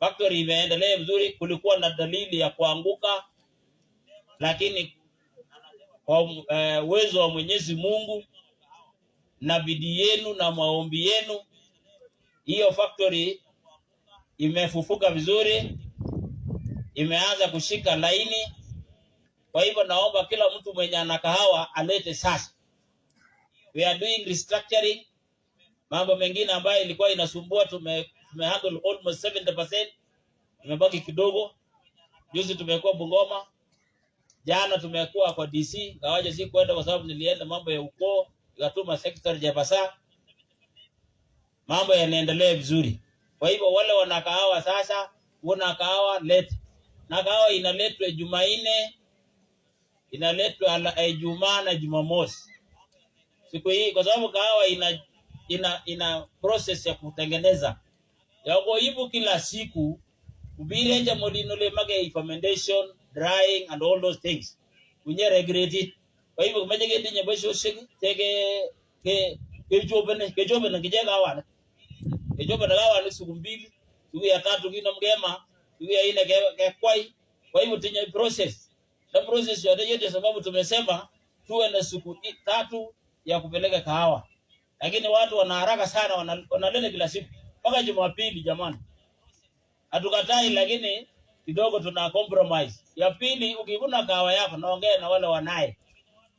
factory imeendelea vizuri, kulikuwa na dalili ya kuanguka, lakini kwa eh, uwezo uh, wa Mwenyezi Mungu na bidii yenu na maombi yenu, hiyo factory imefufuka vizuri, imeanza kushika laini. Kwa hivyo naomba kila mtu mwenye ana kahawa alete sasa. We are doing restructuring. Mambo mengine ambayo ilikuwa inasumbua tume tumehandle almost 70%, imebaki kidogo. Juzi tumekuwa Bungoma, jana tumekuwa kwa DC, ngawaje si kwenda kwa sababu nilienda mambo ya ukoo, ikatuma secretary Jabasa, mambo yanaendelea vizuri. Kwa hivyo wale wanakaawa sasa, una kaawa let na kaawa inaletwa Jumanne, inaletwa eh, Ijumaa na Jumamosi siku hii, kwa sababu kaawa ina, ina, ina process ya kutengeneza yako ibu kila siku ubirenja molino le mage fermentation drying and all those things unye regulate it kwa hivyo kumaje kende nyabo shoshik tege ke kejobene kejobene kijega wana kejobene gawa siku mbili siku ya tatu kino mgema siku ya ine ke kwai kwa ibu tinye process na process yote yote sababu tumesema tuwe na siku tatu ya kupeleka kahawa lakini watu wana haraka sana wanalele kila siku mpaka Jumapili. Jamani, hatukatai, lakini kidogo tuna compromise. Ya pili, ukivuna kahawa yako, naongea na wale wanaye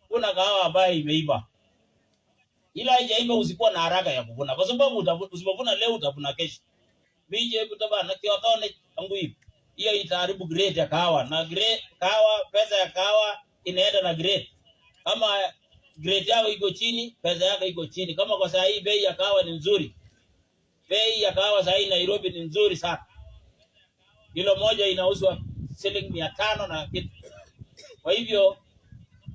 kuna kahawa ambayo imeiva, ila haijaiva, usikuwa na haraka ya kuvuna, kwa sababu usipovuna leo utavuna kesho. Bije kutabana kiwa kaone tangu hivi, hiyo itaharibu grade ya kahawa na grade kahawa, pesa ya kahawa inaenda na grade. Kama grade yao iko chini, pesa yako iko chini. Kama kwa saa hii bei ya kahawa ni nzuri Bei ya kahawa za hii Nairobi ni nzuri sana, kilo moja inauzwa shilingi mia tano na kitu. Kwa hivyo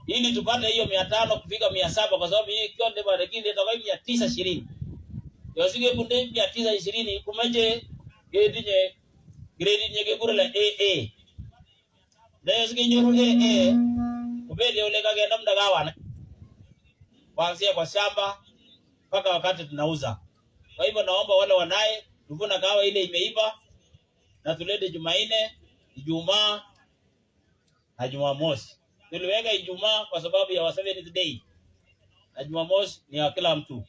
ili tupate hiyo mia tano kufika mia saba kwa sababu hii kionde barekile itakuwa mia tisa ishirini yosige kunde mia tisa ishirini kumeje gredi nye gredi nye gekura la AA na yosige nyoro AA kubele ule kagenda mdagawana kuanzia kwa shamba mpaka wakati tunauza kwa hivyo naomba wale wanaye tuvuna kahawa ile imeiva na tulete Jumanne, Ijumaa na Jumamosi. Tuliweka Ijumaa kwa sababu ya Seventh Day na Jumamosi ni ya kila mtu.